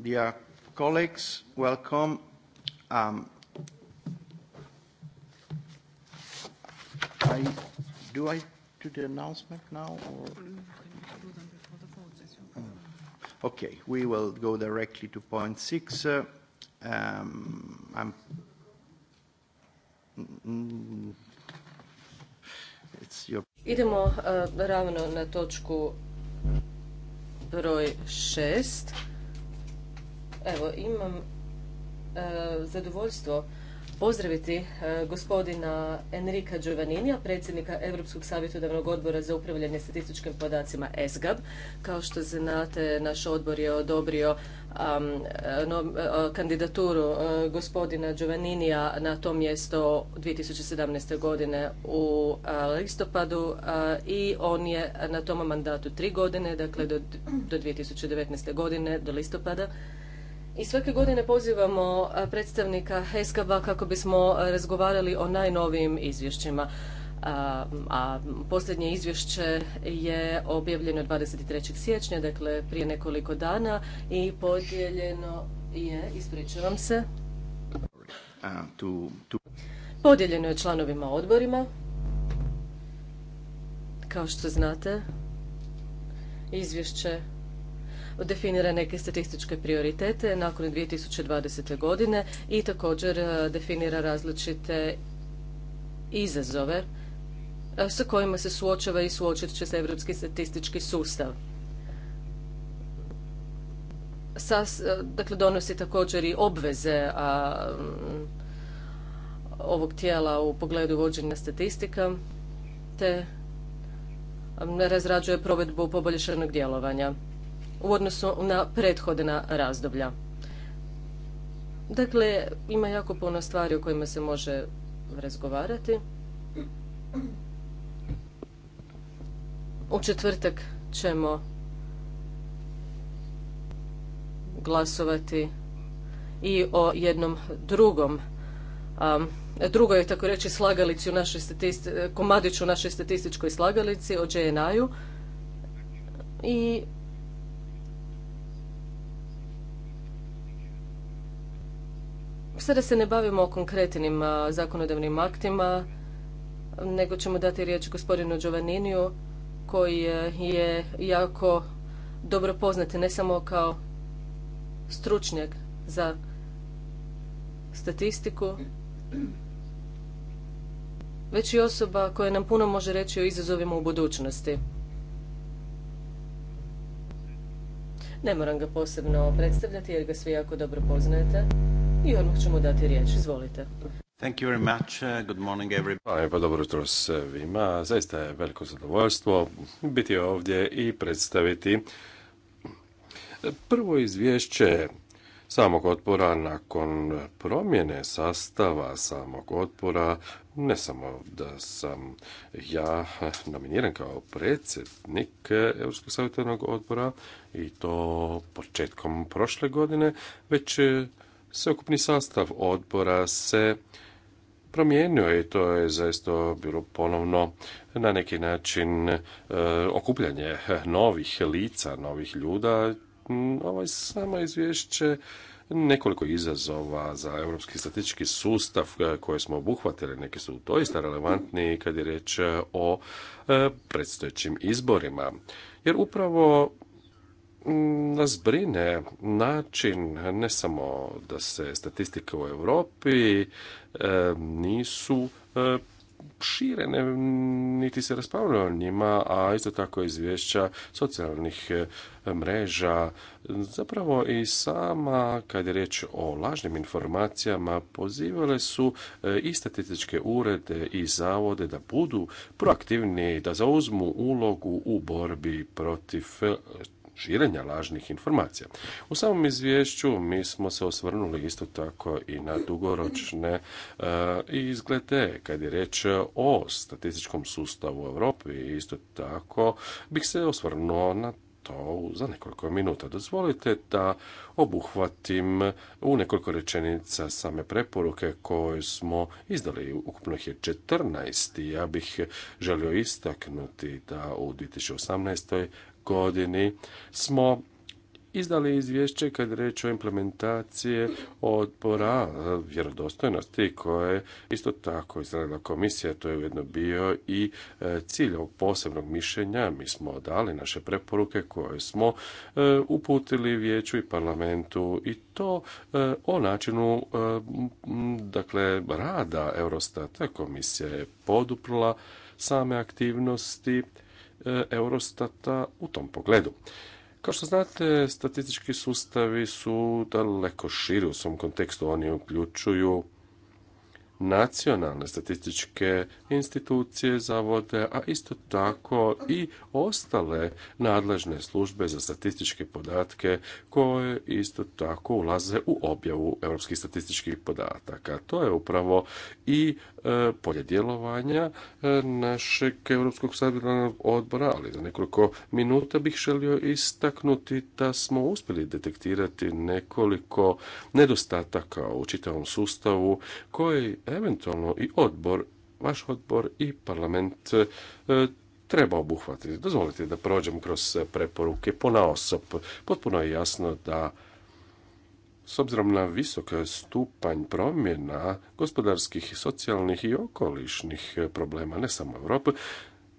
Dear colleagues, welcome. Um, I, do I do the announcement now? Or? Mm. Okay, we will go directly to point six. Uh, um, I'm, mm, it's your... Idemo uh, ravno na točku broj šest. Evo, imam e, zadovoljstvo pozdraviti e, gospodina Enrika Giovanninija, predsjednika Europskog savjetodavnog odbora za upravljanje statističkim podacima ESGAB. Kao što znate, naš odbor je odobrio e, kandidaturu gospodina Giovanninija na to mjesto 2017. godine u listopadu i on je na tom mandatu tri godine, dakle do, do 2019. godine, do listopada. I svake godine pozivamo predstavnika Heskaba kako bismo razgovarali o najnovijim izvješćima. A, posljednje izvješće je objavljeno 23. siječnja, dakle prije nekoliko dana i podijeljeno je, ispričavam se, podijeljeno je članovima odborima. Kao što znate, izvješće definira neke statističke prioritete nakon 2020. godine i također e, definira različite izazove e, sa kojima se suočava i suočit će se Europski statistički sustav. E, dakle, donosi također i obveze mm, ovog tijela u pogledu vođenja statistika, te razrađuje provedbu poboljšanog djelovanja u odnosu na prethodna razdoblja. Dakle, ima jako puno stvari o kojima se može razgovarati. U četvrtak ćemo glasovati i o jednom drugom drugoj, tako reći, slagalici u našoj komadiću u našoj statističkoj slagalici, o JNI-u. I Sada se ne bavimo konkretnim zakonodavnim aktima, nego ćemo dati riječ gospodinu Giovanniniju koji e, je jako dobro poznat ne samo kao stručnjak za statistiku, već i osoba koja nam puno može reći o izazovima u budućnosti. Ne moram ga posebno predstavljati jer ga svi jako dobro poznajete i odmah ćemo dati riječ. Izvolite. Thank you very much. Uh, good morning everybody. Pa, dobro jutro svima. Zaista je veliko zadovoljstvo biti ovdje i predstaviti prvo izvješće samog otpora nakon promjene sastava samog otpora ne samo da sam ja nominiran kao predsjednik Europskog savjetodavnog odbora i to početkom prošle godine, već sveukupni sastav odbora se promijenio i to je zaista bilo ponovno na neki način e, okupljanje novih lica, novih ljuda. Ovo je samo izvješće nekoliko izazova za europski statistički sustav e, koje smo obuhvatili, neki su doista relevantni kad je riječ o e, predstojećim izborima. Jer upravo nas brine način ne samo da se statistike u Europi e, nisu e, širene, niti se raspravljalo o njima, a isto tako izvješća socijalnih e, mreža. Zapravo i sama, kad je riječ o lažnim informacijama, pozivale su i statističke urede i zavode da budu proaktivni, da zauzmu ulogu u borbi protiv širenja lažnih informacija. U samom izvješću mi smo se osvrnuli isto tako i na dugoročne e, izglede kad je reč o statističkom sustavu u Europi i isto tako bih se osvrnuo na to za nekoliko minuta. Dozvolite da obuhvatim u nekoliko rečenica same preporuke koje smo izdali. Ukupno ih je 14. Ja bih želio istaknuti da u 2018 godini smo izdali izvješće kad reč o implementaciji odbora vjerodostojnosti koje isto tako izradila komisija, to je ujedno bio i e, cilj ovog posebnog mišljenja. Mi smo dali naše preporuke koje smo e, uputili vijeću i parlamentu i to e, o načinu dakle rada Eurostata. Komisija je poduprla same aktivnosti E, Eurostata u tom pogledu. Kao što znate, statistički sustavi su daleko širi u svom kontekstu. Oni uključuju nacionalne statističke institucije, zavode, a isto tako i ostale nadležne službe za statističke podatke koje isto tako ulaze u objavu europskih statističkih podataka. To je upravo i e, polje djelovanja e, našeg Europskog savjetodavnog odbora, ali za nekoliko minuta bih želio istaknuti da smo uspjeli detektirati nekoliko nedostataka u čitavom sustavu koji eventualno i odbor, vaš odbor i parlament e, treba obuhvatiti. Dozvolite da prođem kroz preporuke pona osob. Potpuno je jasno da s obzirom na visok stupanj promjena gospodarskih, socijalnih i okolišnih problema, ne samo Europe,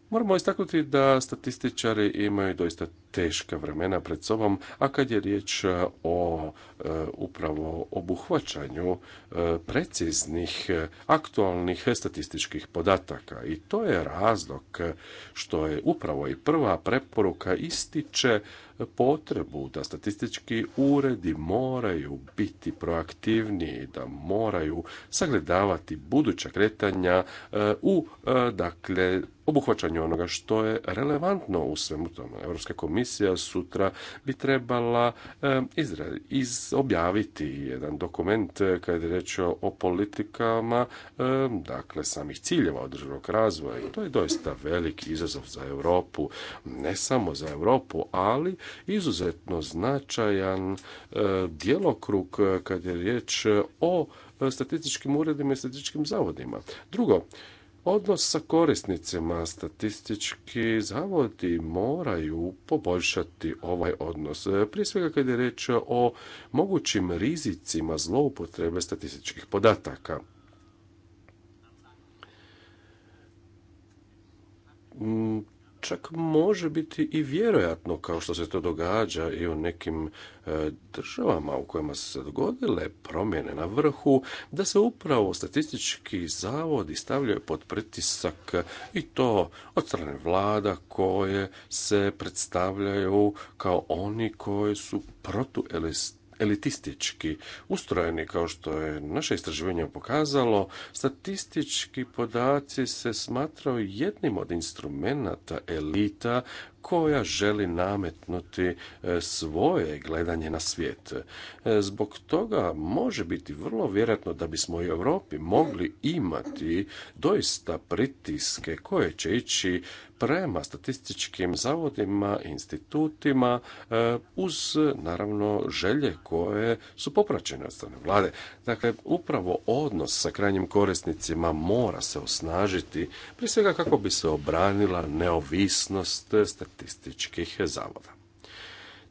moramo istaknuti da statističari imaju doista teška vremena pred sobom, a kad je riječ e, o e, upravo obuhvaćanju e, preciznih aktualnih statističkih podataka i to je razlog što je upravo i prva preporuka ističe potrebu da statistički uredi moraju biti proaktivniji, da moraju sagledavati buduća kretanja u dakle obuhvaćanju onoga što je relevantno u svemu tome. Europska komisija komisija sutra bi trebala objaviti jedan dokument eh, kad je reč o politikama, dakle samih ciljeva održivog razvoja. I to je doista veliki izazov za Europu, ne samo za Europu, ali izuzetno značajan eh, djelokrug eh, kad je riječ o statističkim uredima i statističkim zavodima. Drugo, Odnos sa korisnicima statistički zavodi moraju poboljšati ovaj odnos. Prije svega kad je reč o mogućim rizicima zloupotrebe statističkih podataka čak može biti i vjerojatno kao što se to događa i u nekim e, državama u kojima su se dogodile promjene na vrhu, da se upravo statistički zavodi stavljaju pod pritisak i to od strane vlada koje se predstavljaju kao oni koji su protuelist elitistički ustrojeni kao što je naše istraživanje pokazalo, statistički podaci se smatraju jednim od instrumenata elita koja želi nametnuti e, svoje gledanje na svijet. E, zbog toga može biti vrlo vjerojatno da bismo u Europi mogli imati doista pritiske koje će ići prema statističkim zavodima, institutima, e, uz naravno želje koje su popraćene od strane vlade. Dakle, upravo odnos sa krajnjim korisnicima mora se osnažiti, prije svega kako bi se obranila neovisnost statističkih zavoda.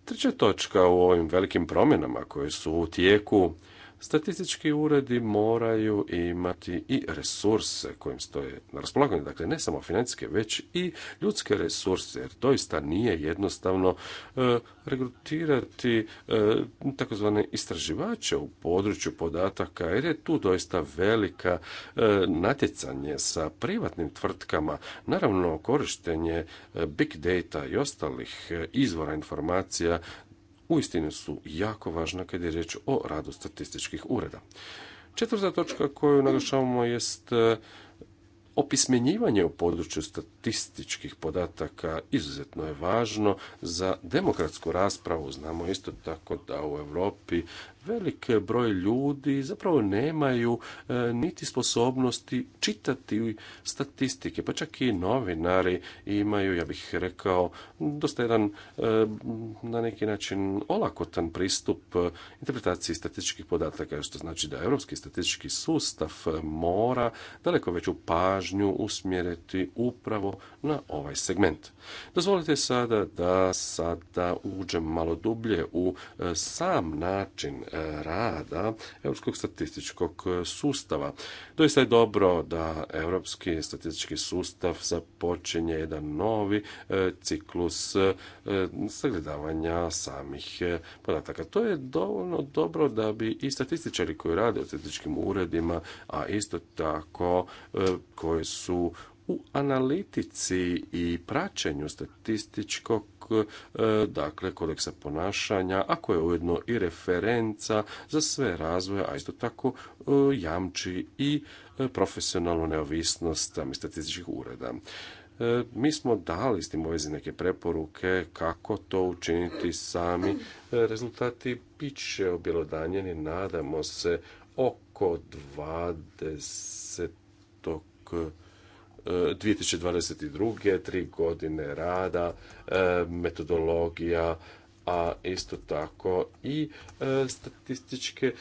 Treća točka u ovim velikim promjenama koje su u tijeku Statistički uredi moraju imati i resurse kojim stoje na raspolaganju, dakle ne samo financijske, već i ljudske resurse, jer doista nije jednostavno e, regrutirati e, takozvane istraživače u području podataka, jer je tu doista velika e, natjecanje sa privatnim tvrtkama. Naravno, korištenje e, big data i ostalih e, izvora informacija uistinu su jako važna kad je riječ o radu statističkih ureda. Četvrta točka koju naglašavamo jest e, Opismenjivanje u području statističkih podataka izuzetno je važno za demokratsku raspravu. Znamo isto tako da u Europi velik broj ljudi zapravo nemaju e, niti sposobnosti čitati statistike, pa čak i novinari imaju, ja bih rekao, dosta jedan e, na neki način olakotan pristup e, interpretaciji statističkih podataka, što znači da europski statistički sustav mora daleko veću pažnju usmjeriti upravo na ovaj segment. Dozvolite sada da sada uđem malo dublje u sam način rada Europskog statističkog sustava. Doista je dobro da Europski statistički sustav započinje jedan novi e, ciklus e, sagledavanja samih e, podataka. To je dovoljno dobro da bi i statističari koji rade u statističkim uredima, a isto tako koji su u analitici i praćenju statističkog e, dakle kodeksa ponašanja, ako je ujedno i referenca za sve razvoje, a isto tako e, jamči i e, profesionalnu neovisnost statističkih ureda. Mi smo dali s tim vezi neke preporuke kako to učiniti sami. Rezultati bit će objelodanjeni, nadamo se, oko 20. 2022. E, tri godine rada, e, metodologija, a isto tako i e, statističke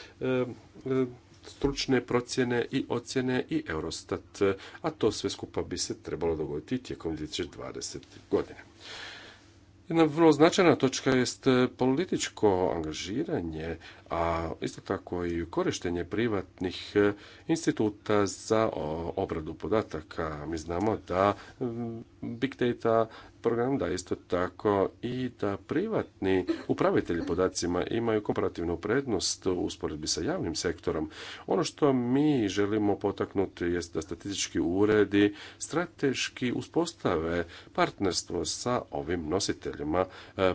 stručne procjene i ocjene i Eurostat, a to sve skupa bi se trebalo dogoditi tijekom 2020. godine. Jedna vrlo značajna točka jest političko angažiranje a isto tako i korištenje privatnih e, instituta za obradu podataka. Mi znamo da Big Data program da isto tako i da privatni upravitelji podacima imaju komparativnu prednost u usporedbi sa javnim sektorom. Ono što mi želimo potaknuti jest da statistički uredi strateški uspostave partnerstvo sa ovim nositeljima e,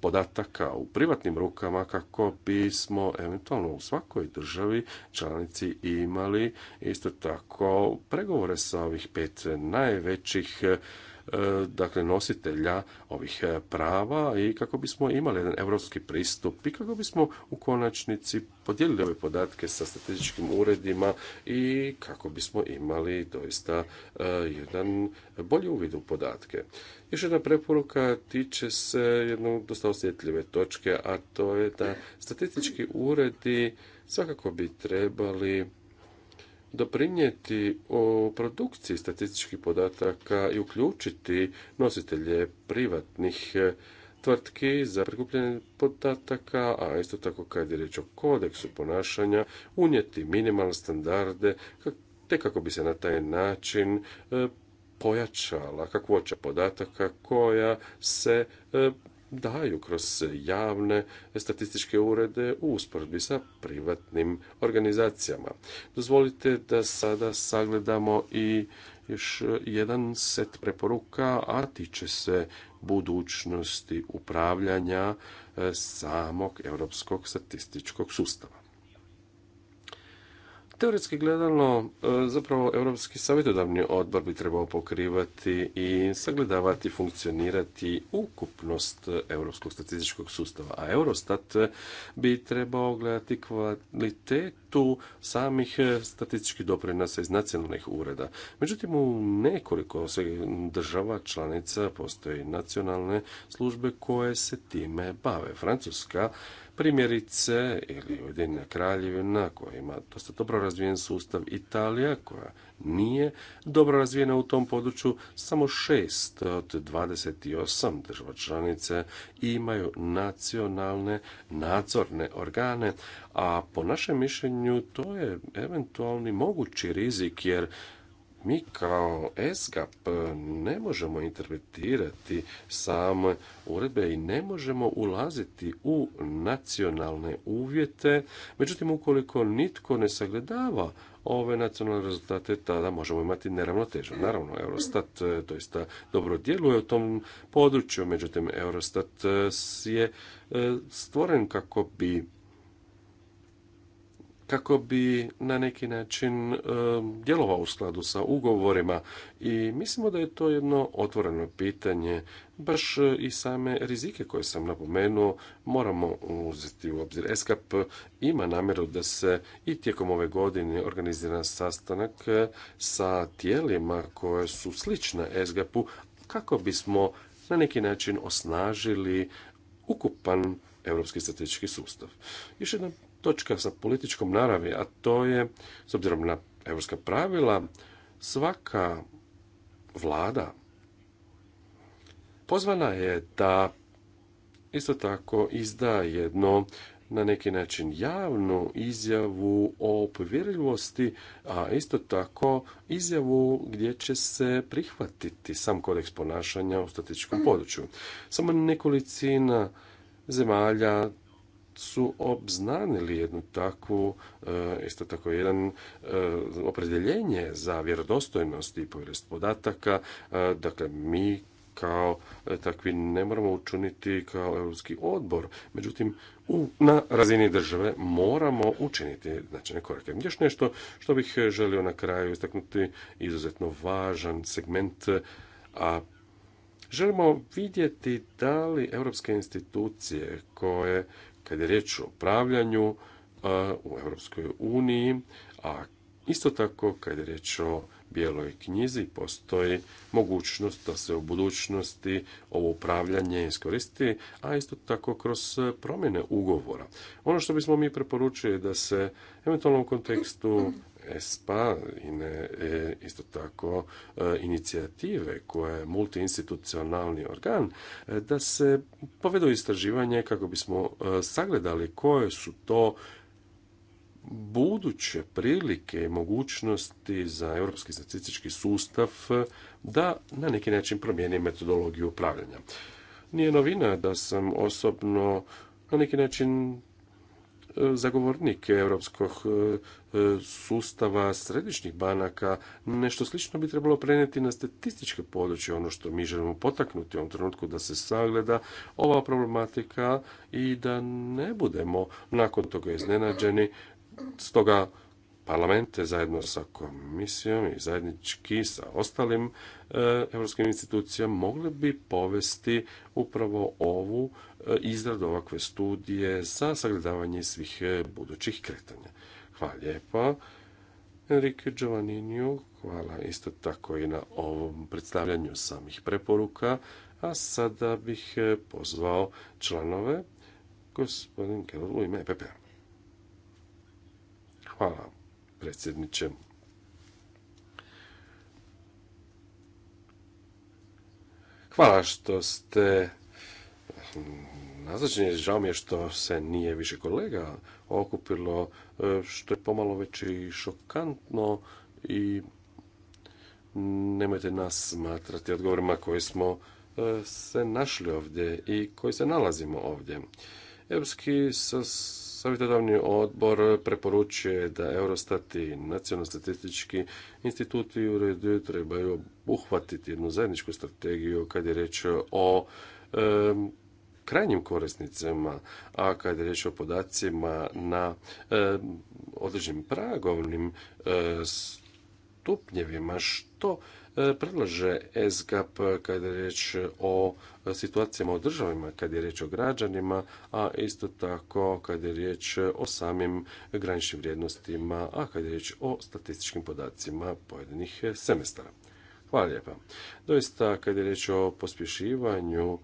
podataka u privatnim rukama kako bismo eventualno u svakoj državi članici imali isto tako pregovore sa ovih pet najvećih E, dakle nositelja ovih e, prava i kako bismo imali jedan europski pristup i kako bismo u konačnici podijelili ove podatke sa statističkim uredima i kako bismo imali doista e, jedan bolji uvid u podatke. Još jedna preporuka tiče se jedne dosta osjetljive točke, a to je da statistički uredi svakako bi trebali doprinijeti o produkciji statističkih podataka i uključiti nositelje privatnih e, tvrtki za prikupljanje podataka, a isto tako kad je riječ o kodeksu ponašanja, unijeti minimalne standarde, te kako bi se na taj način e, pojačala kakvoća podataka koja se e, daju kroz javne statističke urede u usporedbi sa privatnim organizacijama. Dozvolite da sada sagledamo i još jedan set preporuka, a tiče se budućnosti upravljanja eh, samog europskog statističkog sustava. Teoretski gledano, e, zapravo Europski savjetodavni odbor bi trebao pokrivati i sagledavati, funkcionirati ukupnost Europskog statističkog sustava, a Eurostat bi trebao gledati kvalitet tu samih e, statističkih doprinosa iz nacionalnih ureda. Međutim, u nekoliko država članica postoje nacionalne službe koje se time bave. Francuska primjerice ili Ujedinjena kraljevina koja ima dosta dobro razvijen sustav Italija koja nije dobro razvijena u tom području. Samo šest od 28 država članice imaju nacionalne nadzorne organe, a po našem mišljenju to je eventualni mogući rizik jer mi kao ESGAP ne možemo interpretirati same uredbe i ne možemo ulaziti u nacionalne uvjete. Međutim, ukoliko nitko ne sagledava ove nacionalne rezultate, tada možemo imati neravnotežu. Naravno, Eurostat e, doista dobro djeluje u tom području, međutim, Eurostat e, je e, stvoren kako bi kako bi na neki način djelovao u skladu sa ugovorima i mislimo da je to jedno otvoreno pitanje baš e, i same rizike koje sam napomenuo moramo uzeti u obzir. ESCAP ima namjeru da se i tijekom ove godine organizira sastanak e, sa tijelima koje su slične ESGAP-u kako bismo na neki način osnažili ukupan europski statistički sustav. Još jedna točka sa političkom naravi, a to je, s obzirom na europska pravila, svaka vlada pozvana je da isto tako izda jedno na neki način javnu izjavu o povjerljivosti, a isto tako izjavu gdje će se prihvatiti sam kodeks ponašanja u statičkom području. Samo nekolicina zemalja su obznanili jednu takvu, e, isto tako jedan e, opredjeljenje za vjerodostojnost i povjerljivost podataka. E, dakle, mi kao e, takvi ne moramo učiniti kao europski odbor. Međutim, u, na razini države moramo učiniti značajne korake. Još nešto što bih želio na kraju istaknuti, izuzetno važan segment, a želimo vidjeti da li europske institucije koje, kad je riječ o upravljanju e, u Europskoj uniji, a isto tako kad je riječ o bijeloj knjizi postoji mogućnost da se u budućnosti ovo upravljanje iskoristi, a isto tako kroz e, promjene ugovora. Ono što bismo mi preporučili da se eventualno u kontekstu ESPA i ne, e, isto tako e, inicijative koje je multiinstitucionalni organ, da se povedu istraživanje kako bismo sagledali koje su to buduće prilike i mogućnosti za europski statistički sustav da na neki način promijeni metodologiju upravljanja. Nije novina da sam osobno na neki način e, zagovornik europskog e, sustava središnjih banaka, nešto slično bi trebalo prenijeti na statističke područje, ono što mi želimo potaknuti u ovom trenutku da se sagleda ova problematika i da ne budemo nakon toga iznenađeni Stoga parlamente, zajedno sa komisijom i zajednički sa ostalim europskim institucijama mogli bi povesti upravo ovu e, izradu ovakve studije za sagledavanje svih e, budućih kretanja. Hvala lijepa. Enrique Giovanniniu. hvala isto tako i na ovom predstavljanju samih preporuka. A sada bih e, pozvao članove gospodin Kelo, u ime epp p-a. Hvala, predsjedniče. Hvala što ste nazočni. Žao mi je što se nije više kolega okupilo, što je pomalo već i šokantno i nemojte nas smatrati odgovorima koji smo e, se našli ovdje i koji se nalazimo ovdje. Europski Savjetodavni odbor preporučuje da Eurostat i nacionalno statistički instituti u trebaju uhvatiti jednu zajedničku strategiju kad je reč o e, krajnjim korisnicima, a kad je reč o podacima na e, određenim pragovnim stupnjevima, što E, predlaže SGAP kada je riječ o situacijama u državima, kada je riječ o građanima, a isto tako kada je riječ o samim graničnim vrijednostima, a kada je riječ o statističkim podacima pojedinih semestara. Hvala lijepa. Doista, kad je riječ o pospješivanju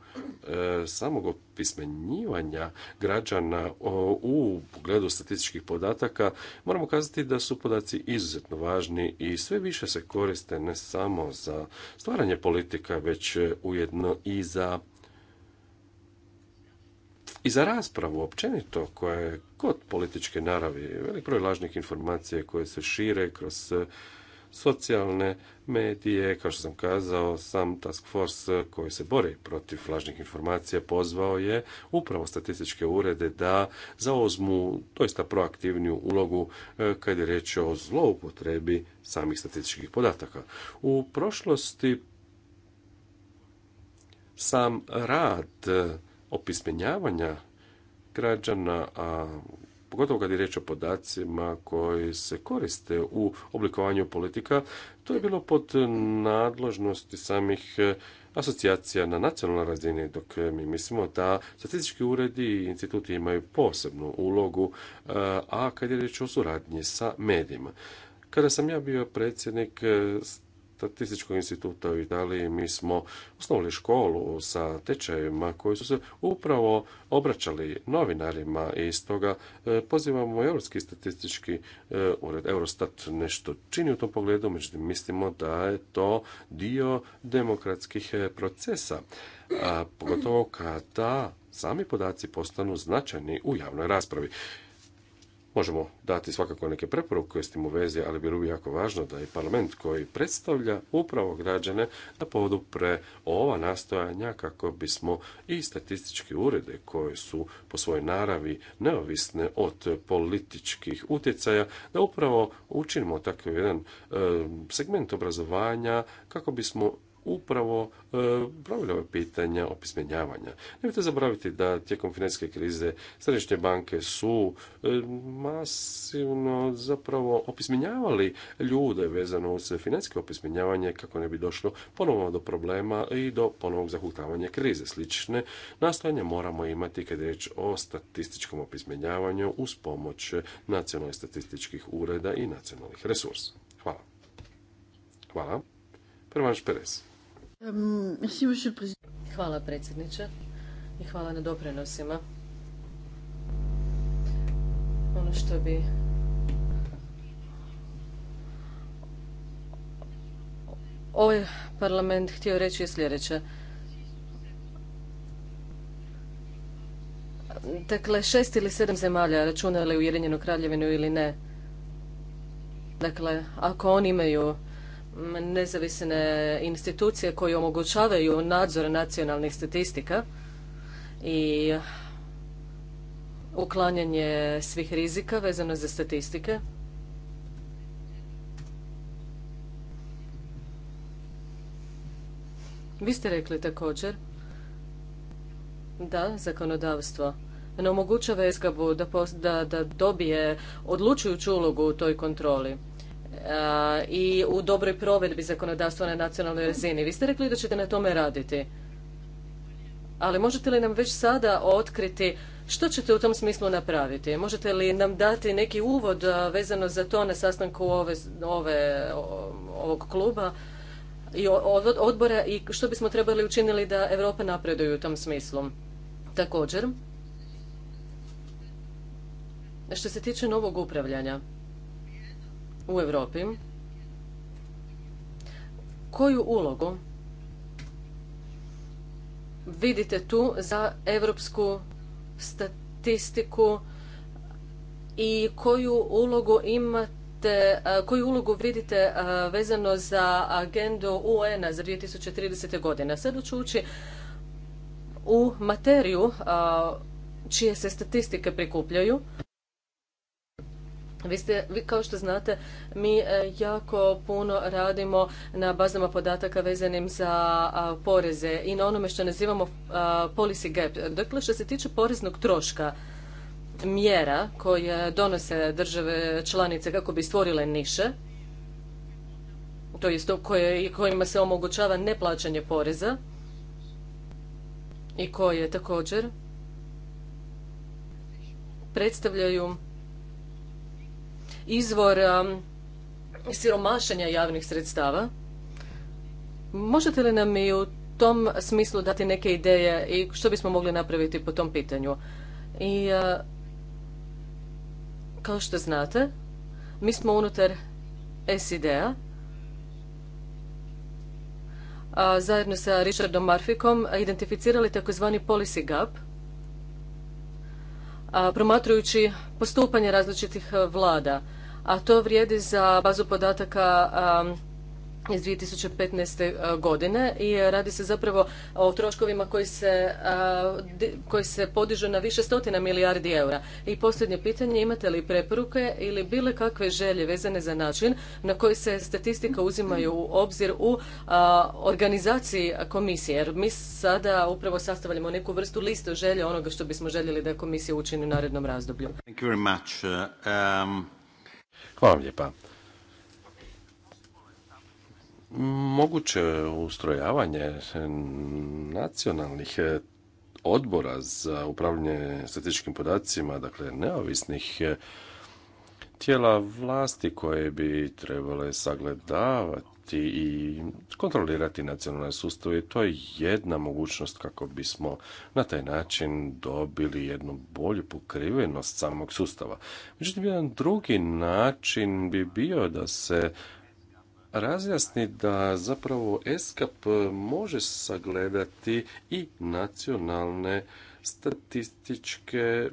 e, samog opismenjivanja građana u pogledu statističkih podataka, moramo kazati da su podaci izuzetno važni i sve više se koriste ne samo za stvaranje politika, već e, ujedno i za i za raspravu općenito koja je kod političke naravi, velik broj lažnih informacija koje se šire kroz socijalne medije. Kao što sam kazao, sam Task Force koji se bori protiv lažnih informacija pozvao je upravo statističke urede da zauzmu doista proaktivniju ulogu e, kad je reč o zloupotrebi samih statističkih podataka. U prošlosti sam rad e, opismenjavanja građana, a pogotovo kad je riječ o podacima koji se koriste u oblikovanju politika, to je bilo pod nadložnosti samih eh, asocijacija na nacionalnoj razini, dok eh, mi mislimo da statistički uredi i instituti imaju posebnu ulogu, eh, a kad je riječ o suradnji sa medijima. Kada sam ja bio predsjednik statističkog instituta u Italiji mi smo osnovili školu sa tečajevima koji su se upravo obraćali novinarima i toga e, pozivamo Europski statistički e, ured Eurostat nešto čini u tom pogledu, međutim mislimo da je to dio demokratskih e, procesa, pogotovo kada sami podaci postanu značajni u javnoj raspravi. Možemo dati svakako neke preporuke s tim u vezi, ali bilo bi jako važno da i parlament koji predstavlja upravo građane da pre ova nastojanja kako bismo i statistički urede koje su po svojoj naravi neovisne od političkih utjecaja, da upravo učinimo takav jedan eh, segment obrazovanja kako bismo upravo e, pravili ove pitanja opismenjavanja. Nemojte zaboraviti da tijekom financijske krize središnje banke su e, masivno zapravo opismenjavali ljude vezano uz financijsko opismenjavanje kako ne bi došlo ponovno do problema i do ponovnog zahutavanja krize. Slične nastojanja moramo imati kad je riječ o statističkom opismenjavanju uz pomoć nacionalnih statističkih ureda i nacionalnih resursa. Hvala. Hvala. Prvanš Perez. Hvala predsjedniče i hvala na doprinosima. Ono što bi ovaj parlament htio reći je sljedeće. Dakle, šest ili sedam zemalja računali Ujedinjenu kraljevinu ili ne. Dakle, ako oni imaju nezavisne institucije koje omogućavaju nadzor nacionalnih statistika i uklanjanje svih rizika vezano za statistike. Vi ste rekli također da zakonodavstvo ne omogućava sgb da, da dobije odlučujuću ulogu u toj kontroli i u dobroj provedbi zakonodavstva na nacionalnoj razini. Vi ste rekli da ćete na tome raditi. Ali možete li nam već sada otkriti što ćete u tom smislu napraviti? Možete li nam dati neki uvod vezano za to na sastanku ove, ove, ovog kluba i odbora i što bismo trebali učinili da Europa napreduje u tom smislu? Također, što se tiče novog upravljanja, u Europi koju ulogu vidite tu za europsku statistiku i koju ulogu imate, koju ulogu vidite vezano za agendu UN-a za 2030. godine. Sada ću ući u materiju čije se statistike prikupljaju. Vi, ste, vi kao što znate, mi e, jako puno radimo na bazama podataka vezanim za poreze i na onome što nazivamo policy gap. Dakle, što se tiče poreznog troška, mjera koje donose države članice kako bi stvorile niše, to jest koje, kojima se omogućava neplaćanje poreza i koje također predstavljaju izvor um, siromašenja javnih sredstava. Možete li nam i u tom smislu dati neke ideje i što bismo mogli napraviti po tom pitanju? I uh, kao što znate, mi smo unutar SID-a zajedno sa Richardom Marfikom identificirali takozvani policy gap promatrajući postupanje različitih vlada, a to vrijedi za bazu podataka iz 2015. E, godine i radi se zapravo o troškovima koji se, e, koji se podižu na više stotina milijardi eura. I posljednje pitanje, imate li preporuke ili bilo kakve želje vezane za način na koji se statistika uzimaju u obzir u e, organizaciji komisije? Jer mi sada upravo sastavljamo neku vrstu liste želje onoga što bismo željeli da komisija učini u narednom razdoblju. Uh, um, Hvala lijepa moguće ustrojavanje nacionalnih e, odbora za upravljanje statističkim podacima, dakle neovisnih e, tijela vlasti koje bi trebale sagledavati i kontrolirati nacionalne sustave. To je jedna mogućnost kako bismo na taj način dobili jednu bolju pokrivenost samog sustava. Međutim, jedan drugi način bi bio da se razjasni da zapravo ESCAP može sagledati i nacionalne statističke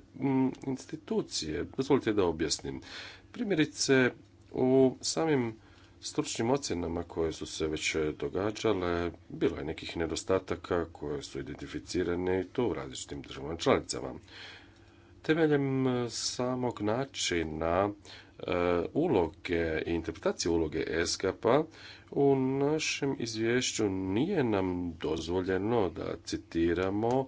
institucije. Dozvolite da objasnim. Primjerice, u samim stručnim ocjenama koje su se već događale, bilo je nekih nedostataka koje su identificirane i to u različitim državama članicama. Temeljem e, samog načina e, uloge i interpretacije uloge eskapa u našem izvješću nije nam dozvoljeno da citiramo e,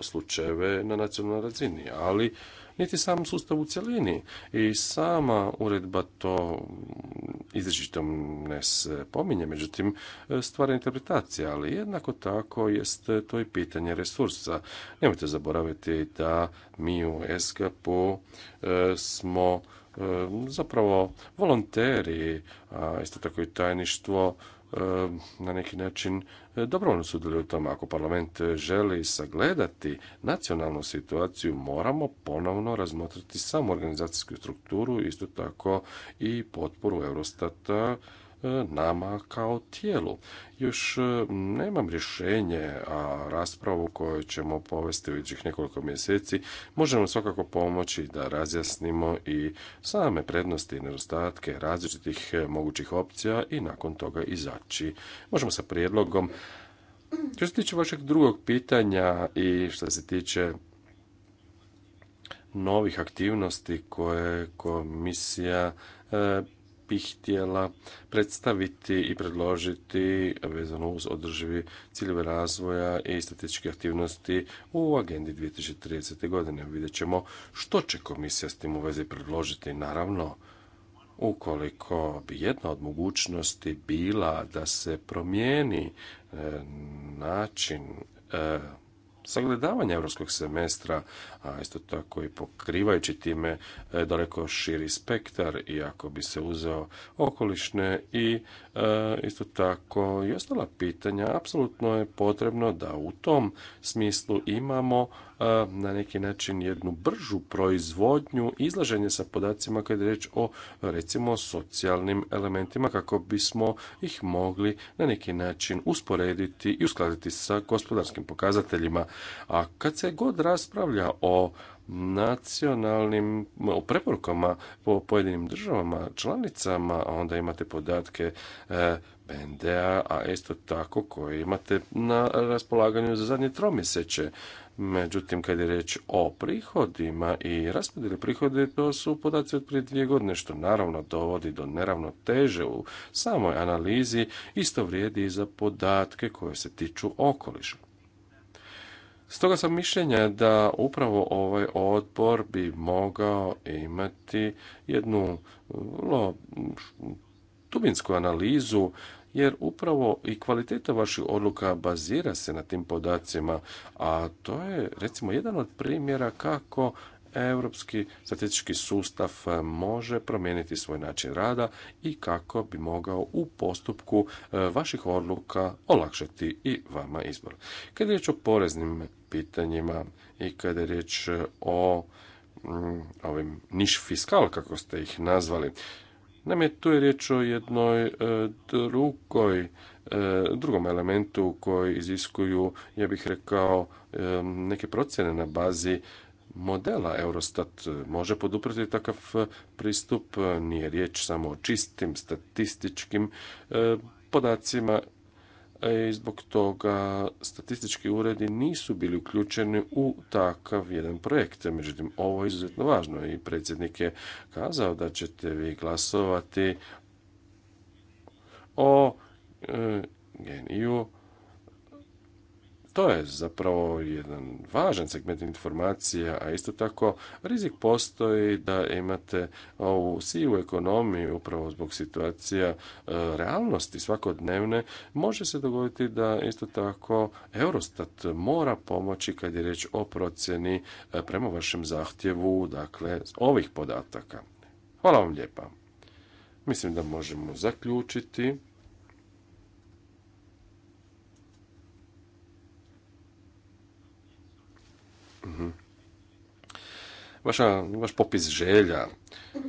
slučajeve na nacionalnoj razini, ali niti sam sustav u cjelini. I sama uredba to izričito ne pominje, međutim, stvara interpretacija, ali jednako tako jest to i pitanje resursa. Nemojte zaboraviti da mi u SKP-u e, smo e, zapravo volonteri, a isto tako i tajništvo E, na neki način e, dobrovoljno sudjeluje u tom, Ako parlament želi sagledati nacionalnu situaciju, moramo ponovno razmotriti samu organizacijsku strukturu, isto tako i potporu Eurostata E, nama kao tijelu. Još e, nemam rješenje, a raspravu koju ćemo povesti u idućih nekoliko mjeseci možemo svakako pomoći da razjasnimo i same prednosti i nedostatke različitih e, mogućih opcija i nakon toga izaći. Možemo sa prijedlogom što se tiče vašeg drugog pitanja i što se tiče novih aktivnosti koje komisija bi htjela predstaviti i predložiti vezano uz održivi ciljeve razvoja i statističke aktivnosti u agendi 2030. godine. Vidjet ćemo što će komisija s tim u vezi predložiti. Naravno, ukoliko bi jedna od mogućnosti bila da se promijeni e, način e, sagledavanja europskog semestra, a isto tako i pokrivajući time e, daleko širi spektar iako bi se uzeo okolišne i e, isto tako i ostala pitanja, apsolutno je potrebno da u tom smislu imamo na neki način jednu bržu proizvodnju, izlaženje sa podacima kad je reč o recimo socijalnim elementima kako bismo ih mogli na neki način usporediti i uskladiti sa gospodarskim pokazateljima. A kad se god raspravlja o nacionalnim o preporukama po pojedinim državama, članicama, a onda imate podatke e, BND-a, a isto tako koje imate na raspolaganju za zadnje tromjeseće. Međutim, kad je reč o prihodima i raspodjeli prihode, to su podaci od prije dvije godine, što naravno dovodi do neravnoteže u samoj analizi, isto vrijedi i za podatke koje se tiču okoliša. Stoga sam mišljenja da upravo ovaj odbor bi mogao imati jednu vrlo dubinsku analizu jer upravo i kvaliteta vaših odluka bazira se na tim podacima, a to je recimo jedan od primjera kako europski statistički sustav e, može promijeniti svoj način rada i kako bi mogao u postupku e, vaših odluka olakšati i vama izbor. Kad je riječ o poreznim pitanjima i kada je riječ e, o mm, ovim niš fiskal, kako ste ih nazvali, Naime, tu je riječ o jednoj e, drugoj, e, drugom elementu koji iziskuju, ja bih rekao, e, neke procjene na bazi modela Eurostat može poduprati takav pristup. Nije riječ samo o čistim statističkim podacima E, i zbog toga statistički uredi nisu bili uključeni u takav jedan projekt. Međutim, ovo je izuzetno važno i predsjednik je kazao da ćete vi glasovati o e, geniju to je zapravo jedan važan segment informacija, a isto tako rizik postoji da imate ovu sivu ekonomiju upravo zbog situacija e, realnosti svakodnevne. Može se dogoditi da isto tako Eurostat mora pomoći kad je riječ o procjeni e, prema vašem zahtjevu, dakle, ovih podataka. Hvala vam lijepa. Mislim da možemo zaključiti. Vaša, vaš popis želja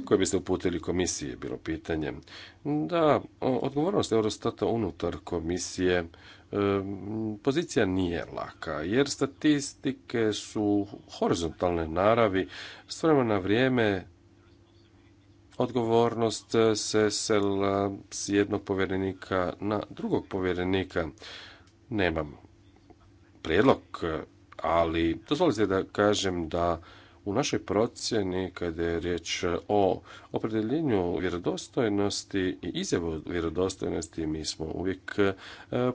koje biste uputili komisiji je bilo pitanje. Da, odgovornost Eurostata unutar komisije e, pozicija nije laka, jer statistike su horizontalne naravi, s na vrijeme odgovornost se s jednog povjerenika na drugog povjerenika. Nemam prijedlog ali dozvolite da kažem da u našoj procjeni kada je riječ o opredjeljenju vjerodostojnosti i izjavu vjerodostojnosti mi smo uvijek e,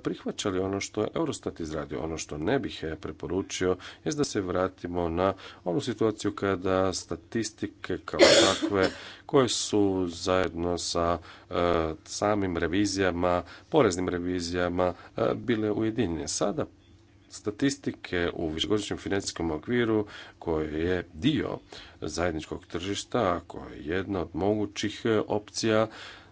prihvaćali ono što je Eurostat izradio. Ono što ne bih je preporučio je da se vratimo na onu situaciju kada statistike kao takve koje su zajedno sa e, samim revizijama, poreznim revizijama e, bile ujedinjene. Sada statistike u višegodišnjem financijskom okviru koje je dio zajedničkog tržišta, koje je jedna od mogućih e, opcija,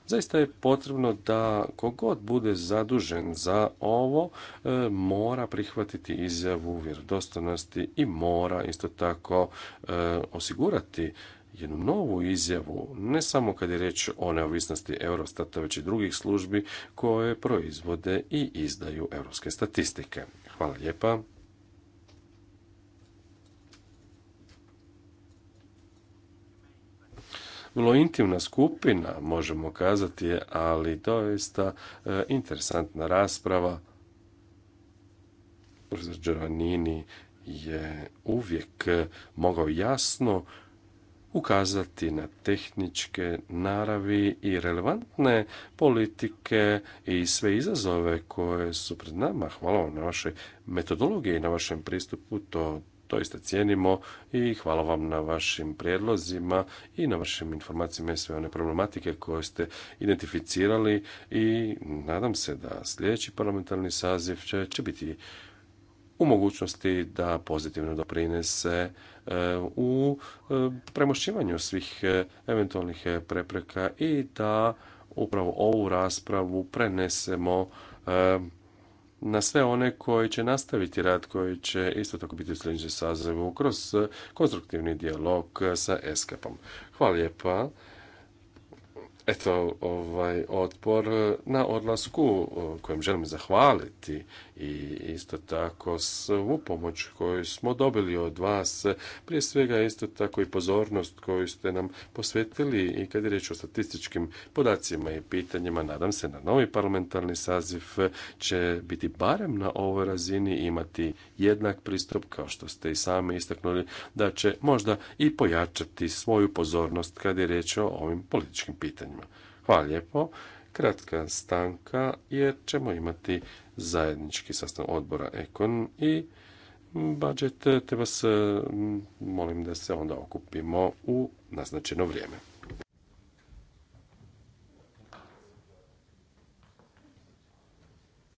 zaista je potrebno da kogod bude zadužen za ovo e, mora prihvatiti izjavu vjerodostojnosti i mora isto tako e, osigurati jednu novu izjavu, ne samo kad je riječ o neovisnosti Eurostata, već i drugih službi koje proizvode i izdaju europske statistike. Hvala lijepa. vrlo intimna skupina, možemo kazati, ali doista e, interesantna rasprava. Profesor Giovannini je uvijek e, mogao jasno ukazati na tehničke naravi i relevantne politike i sve izazove koje su pred nama. Hvala vam na vašoj metodologiji i na vašem pristupu, to doista cijenimo i hvala vam na vašim prijedlozima i na vašim informacijama i sve one problematike koje ste identificirali i nadam se da sljedeći parlamentarni saziv će biti u mogućnosti da pozitivno doprinese e, u e, premošćivanju svih e, eventualnih prepreka i da upravo ovu raspravu prenesemo na sve one koji će nastaviti rad, koji će isto tako biti u sljedećem sazivu kroz konstruktivni dijalog sa ESCAP-om. Hvala lijepa. Eto, ovaj otpor na odlasku kojem želim zahvaliti i isto tako svu pomoć koju smo dobili od vas, prije svega isto tako i pozornost koju ste nam posvetili i kad je riječ o statističkim podacima i pitanjima, nadam se na novi parlamentarni saziv će biti barem na ovoj razini imati jednak pristup kao što ste i sami istaknuli da će možda i pojačati svoju pozornost kad je riječ o ovim političkim pitanjima. Hvala lijepo kratka stanka jer ćemo imati zajednički sastav odbora Ekon i budžet, te vas mm, molim da se onda okupimo u naznačeno vrijeme.